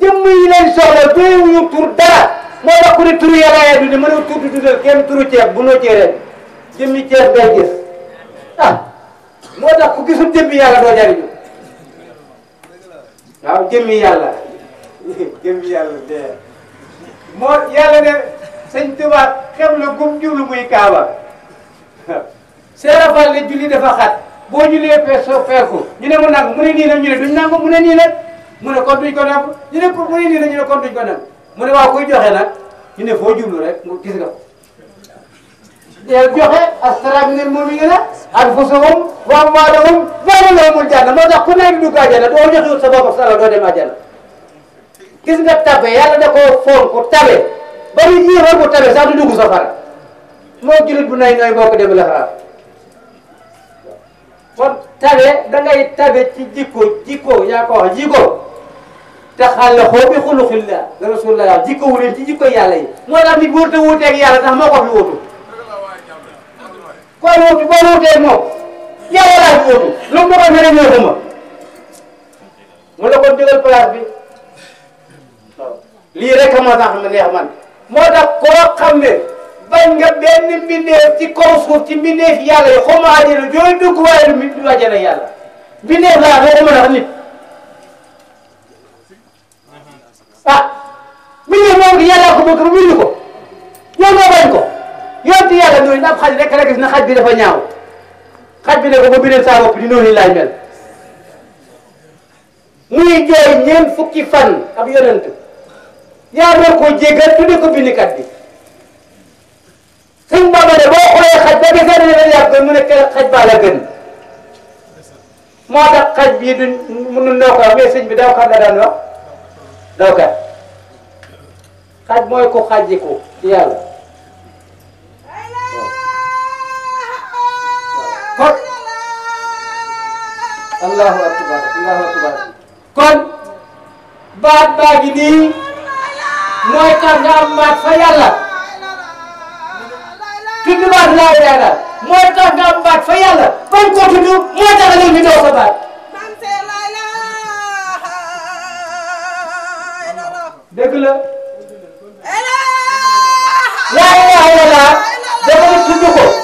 jëmm yi leen soxla doyewuñu tur dara moo tax ku ne turu yàlla yaa dundee mënoo tur di dundal kenn turu ceeb bu noo ceeree jëmmi ceeb day gis ah moo tax ku gisul jëmmi yàlla doo jariñu waaw jëmmi yàlla jëmmi yàlla de moo yàlla ne sëñ Tuubaa xam la gum jublu muy Kaaba seerafal ne julli dafa xat boo jullee fee soo feeku ñu ne mu nag mu ne nii ñu ne duñ nangu mu ne nii mu ne kon duñ ko nàmp ñu ne pour mu ne nii rek ñu ne kon duñ ko nàmp mu ne waaw kuy joxe nag ñu ne foo jublu rek mu gis nga ko. deel joxe asraag minal mu'miniina anfusahum wa amwaalahum zaalika lahumul janna moo tax ku nekk dugg àjjana doo joxe wut sa bopp sa alal doo dem àjjana gis nga tabe yàlla da koo fonk tabe ba ñu yéexoon bu tabe sax du dugg safara moo julit bu nay nooy bokk dem la xaraam kon tabe da ngay tabe ci jikko jikko yaa ko wax jikko te xaal la xoo bi xuluxilla la rasulullah daal jikko leen ci jikko yàlla yi moo tax nit wóor te wuuteeg yàlla tax moo ko fi wóotu koo wóotu boo wuuteeg moom yàlla laa fi wóotu lu mu ko mere ñëwuma mu la ko jëgal place bi waaw lii rek moo tax ma neex man moo tax koo xam ne bañ nga benn mbindeef ci kaw suuf ci mbindeef yàlla yi xaw ma àjjana jooy dugg waaye du mi du àjjana yàlla mbindeef laa doo ko mën a nit ah mi ngi moom di yàlla ko bëgg mu bind ko yow nga bañ ko yonti yàlla noonu na ab xaj rek la gis na xaj bi dafa ñaaw xaj bi ne ko ba bindal saa bopp di noonu laay mel muy jooy ñeent fukki fan ab yonent yaa war koo jéggal tudde ko bindkat bi suñ baba ne boo xoolee xaj ba gisee ne la yàgg mu ne xaj baa la gën moo tax xaj bi du mënul noo mais bi daw kan la dal wax daw kan xaj moy ko xajiko ci Allah. Allah. allahu akbar allahu akbar kon baat baagi ni moy mooy nga am fa yalla tuddu baat la ilaha moo tax nga am baat fa yàlla bañ ko tudd moo tax réew mi doo ko baat. dëgg la. laa ilaaha illallaah dafa tudd ko.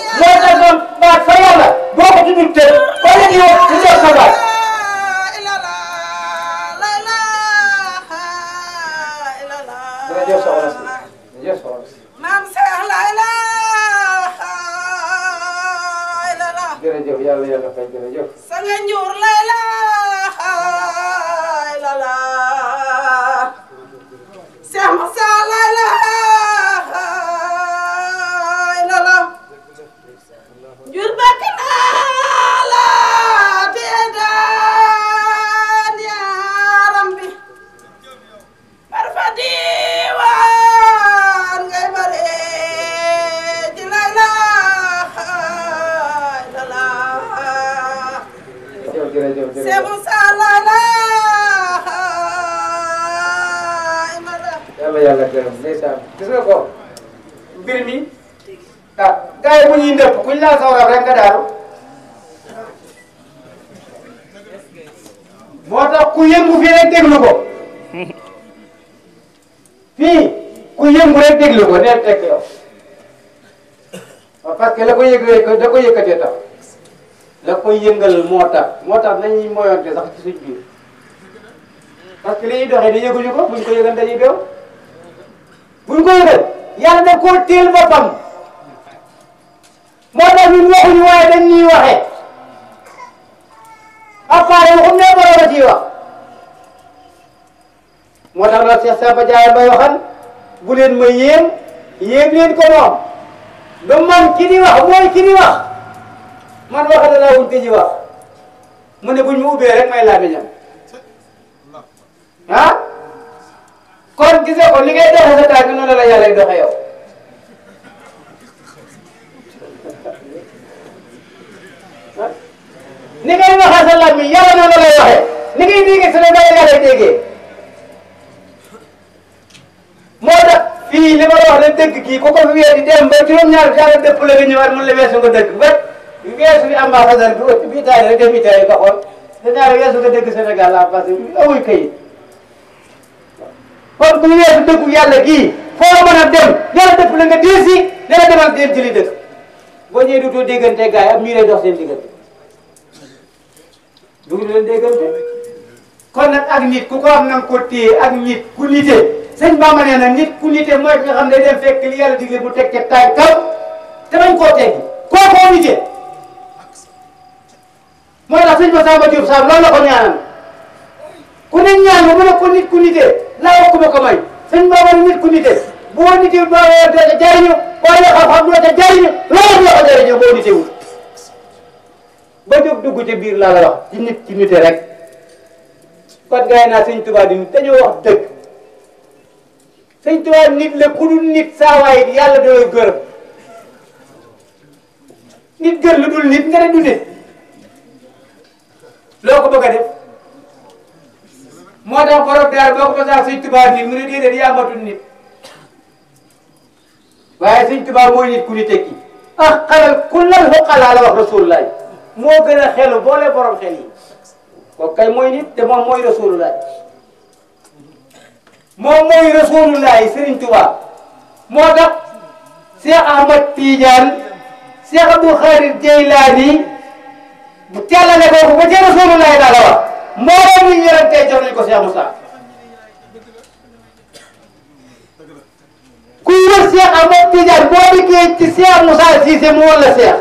Cheikh Moussa la laa imaam yàlla yàlla gërëm ndeysaan gis nga ko mbir mi ah gars yi bu ñuy ndëpp kuñ laa sawraf rek nga daaru moo tax ku yëngu fii rek déglu ko fii ku da koy yëngal moo tax moo tax nañuy moyonte sax ci suñ biir parce que li ñuy doxee ni ko buñ ko yëgal dañuy beew buñ ko yëgal yàlla da koo téel boppam moo tax ñun waxuñu waaye dañ ñuy waxee appareil waxum ne borom a ciy wax moo tax la Cheikh Samba Diaye may waxal bu leen ma yéem yéem leen ko moom lu man ki wax mooy ki di wax man waxal laa wul ji wax mune ne buñ mu ubbee rek may làmmiñam ha kon gisé ko li ngay doxe sa tag noonu la yalla doxé yow ni ngay waxa sa làmmiñ yàlla noonu la waxé ni ngay déggee sa noonu la yàlla déggee moo tax fii li ma wax la dëgg ki ko ko fi wéer di dem ba juróom-ñaar yàlla depp la nga ñëwaat mun la weesu nga dëgg ba bi weesu bi ambassadeur bi bi Italie rek dem Italie nga xool danaa la weesu nga dëkk Sénégal la ambassadeur bi awuy kayit kon bu weesu dëkku yàlla gii foo mën a dem yàlla dëpp la nga diir si dana demal dem li dëkk boo ñëwee dootoo déggante gars yi am miiree dox seen diggante duñu leen déggante kon ak nit ku ko am na nga ko téye ak nit ku nite sëñ Bamba nee na nit ku nite mooy ki nga xam ne day dem fekk li yàlla digle bu teg ca tànkam te bañ koo teggi koo koo nite moo tax sëñ Masamba Diop Samb loolu la ko ñaanal ku ne ñaan mu ne ko nit ku nitee laa wax ku ma ko may sëñ Bamba nit ku nitee boo nitee boo doo ca jariñu boo dee xam-xam doo ca jariñu loolu la ba jóg dugg ca biir laa la wax nit ci nite rek kon gaay naa sëñ Tuubaa di nit dañoo wax dëgg sëñ Tuubaa nit la ku nit saa waay it yàlla da nit gër lu nit nga ne loo ko bëgg a def moo tax borom daal boo ko masaa sëñ tubaab bi mu ne déedéet yàmbatul nit waaye sëñ tubaab mooy nit ku tekki ah xalal kullal xoqalaa la wax rasulullah moo gën a xelu boole borom xel yi kay mooy nit te moom mooy rasulullah moom mooy moo tax Cheikh Ahmad Tidiane Cheikh Abdou Khadir Jeylaani bu tellale boobu ba ca Rasulullah lay la jox nañ ko Cheikh Moussa ku wër Cheikh Ahmed Tidiane boo dikkee ci Cheikh Moussa Cissé mu wër la Cheikh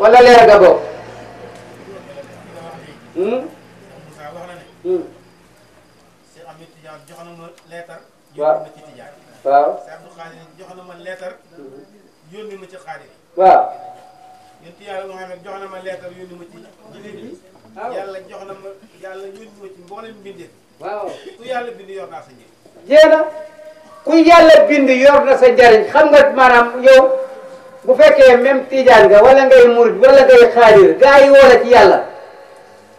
wala leer ga yonent yàlla Muhammad jox na jox na ma yàlla yónni ma ci ku yàlla bind yor naa sa na sa njëriñ xam nga maanaam yow bu fekkee même tijaan nga wala ngay murid wala ngay xaadir gaa yi woo la ci yàlla.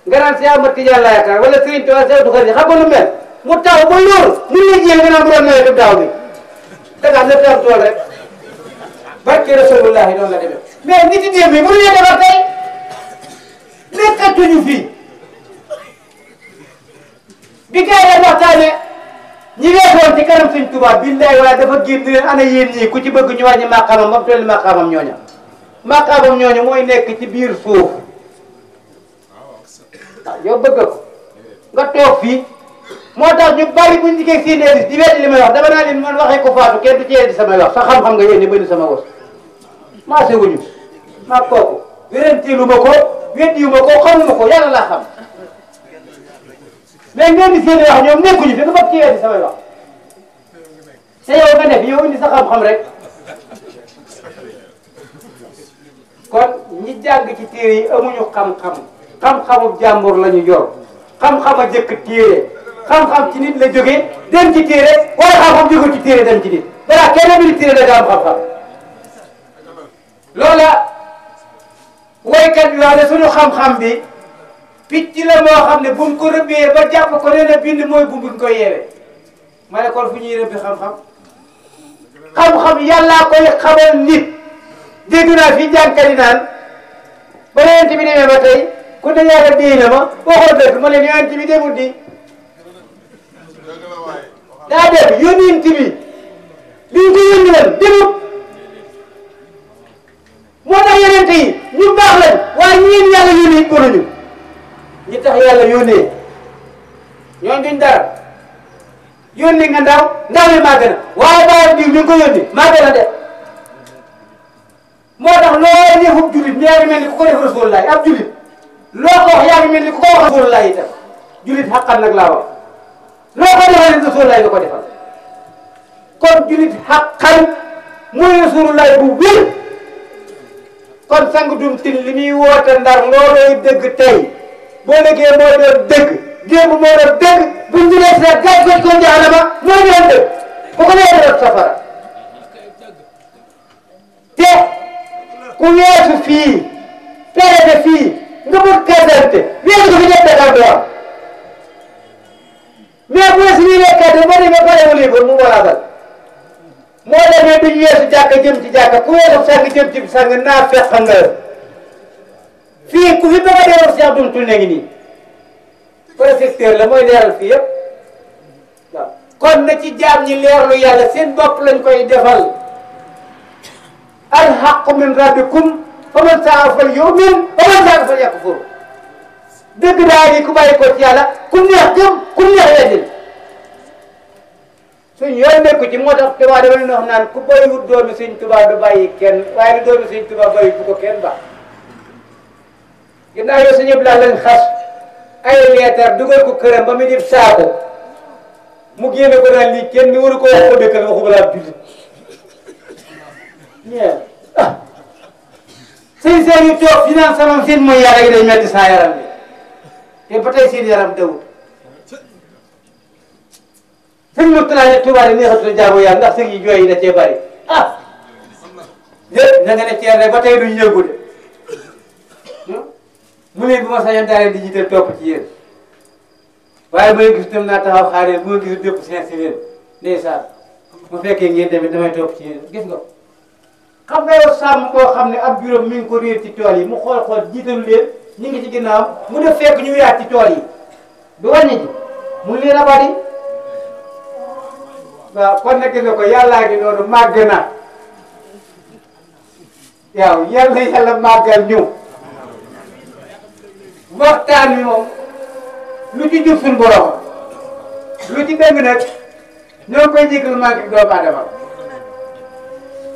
nga naan tijaan laa yaakaar wala Serigne Touba Seydou Duxar yi xam mel mu taw ba mun na jiyee nga naan bu doon nawet bi daaw bi da ngaa lépp daal tool rek barke Rasulullahi noonu la demee. mais nit yi démb yi mënu leen defar tey nekkatuñu fii bi gars yi waxtaane ñi weesoon ci kanam suñ tubaab billaay wala dafa génn leen ana yéen ñii ku ci bëgg ñu wàññi màqaamam ba mu toll màqaamam ñooña mooy nekk ci biir suuf waaw ah, yow bëgg ko nga toog fii moo tax ñu bari buñ dikkee seen di weddi li may wax dama naa leen man waxee ko faatu kenn du ci yéen di samay wax sa xam-xam nga yéen ni bëri sama wos maase wuñu maa kooku wéranteelu ma ko weddiwu ma ko xamuma ko yàlla laa xam mais ngeen di seeni wax ñoom nekkuñu fi nga bëgg ci weddi samay wax te yow nga nekk yow indi sa xam-xam rek kon ñi jàng ci téere yi amuñu xam-xam xam-xamu jàmbur la ñu yor xam-xam a jëkk téere xam-xam ci nit la jógee dem ci téere wala xam-xam jóge ci téere dem ci nit balaa kenn bi téere da nga am xam-xam loola waykat bi ne sunu xam-xam bi picc la moo xam ne buñ ko rëbbee ba jàpp ko nee na bind mooy bu buñ ko yeewee ma ne kon fu ñuy rëbbi xam-xam xam-xam yàllaa koy xamal nit dégg naa fi jànkali naan ba yonent bi demee ba tey ku ne yàlla déy na ma waxoo dëgg ma leen yonent bi demul di daa def yonent bi liñ ko yónni woon demut moo tax yonente yi ñu baax lañ waaye ñiin yàlla yónnee bonuñu ñi tax yàlla yónnee ñoon duñ dara yónni nga ndaw ndaw li màgg na waaye bàyyi diw ñu ngi ko yónni màgg na de moo tax loo defub julit ñaari mel ni ku ko def rasulullahi ab julit loo ko yaa ngi mel ni ku ko wax rasulullahi itam julit xaqan nag laa wax loo ko defal rek rasulullahi nga ko defal kon julit bu bir kon sang dum tin li muy woote ndar loolooy dëgg tey boo léegee moo doon dëgg démb moo doon dëgg buñ jëlee sa gàj goj ko jaxalama moo doon dëgg ku ko nee doon safara te ku weesu fii pérete fii nga bëgg kasante weesu ko fi ñëpp taxaw doo am mais bu weesu lii lekkate boo demee pare mu libre mu mboolaatal moo demee bi ñu yeesu jàkka jëm ci jàkka ku weesu sàng jëm ci sàng naa feq nga fii ku fi bëgg a leeral Cheikh Dioum Tullu ngi nii projecteur la mooy leeral fii yëpp waaw kon na ci jaam ñi leerlu yàlla seen bopp lañ koy defal al haqqu min rabbikum fa man saa fal yu'min fa man saa fal yakfur dëgg daa yi ku bàyyi ko ci yàlla ku neex gëm ku neex weddil suñ yoon nekku ci moo tax tubaab dafa leen wax naan ku bàyyiwut doomi suñ tubaab du bàyyi kenn waaye du doomi suñ tubaab bàyyi bu ko kenn baax ginnaaw yow suñu bilaa lañ xas ay leetar dugal ko këram ba mu dib saako mu génne ko naan lii kenn mi waru ko wax ko dëkkal balaa jullit ñeew ah sëñ seen yu toog fi naan sama seen mooy yàlla gi day metti saa yaram bi te ba tey yaram dawut sëñ Mourtala ne Touba di neexatul jaamu yàlla ndax sëñ yi jooy yi da cee bari ah jë na nga ne ceer rek ba tey duñ yëngu de hmm? mu ne bu ma sañoon daal di jiital topp ci yéen waaye bu gis itam naa taxaw xaar yéen bu ma gis dépp cinq si yéen ndeysaan mu fekkee ngeen tamit damay topp ci yéen gis nga xam nga yow sàmm koo xam ne ab juróom mi ngi ko réer ci tool yi mu xool xool jiitalu leen ñu ngi ci ginnaawam mu def fekk ñu yaat ci tool yi du wàññi ji mu leen bari waaw kon nag gis nga ko noonu màgg na waaw yàlla yàlla màggal ñu waxtaan wi moom lu ci jub suñu borom lu ci dëng nag ñoo koy jégal màgg doomu aadama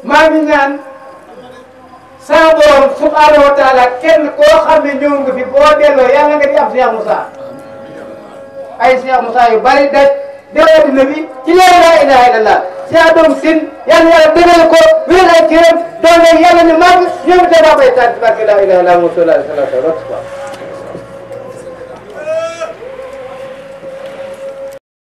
maa ngi ñaan saa borom kenn koo xam ne ñëw nga fi boo delloo yàlla nga di am Cheikh Moussa ay Cheikh Moussa yu bari daj dewati na bi ci leer laa ilaha illallah si adoom sin yàlla yàlla dëggal ko wéral ay cëram doon leen yàlla ne mag ñoom itam daa koy tànn ci barke laa ilaha illallah moom sallallahu alayhi wa sallam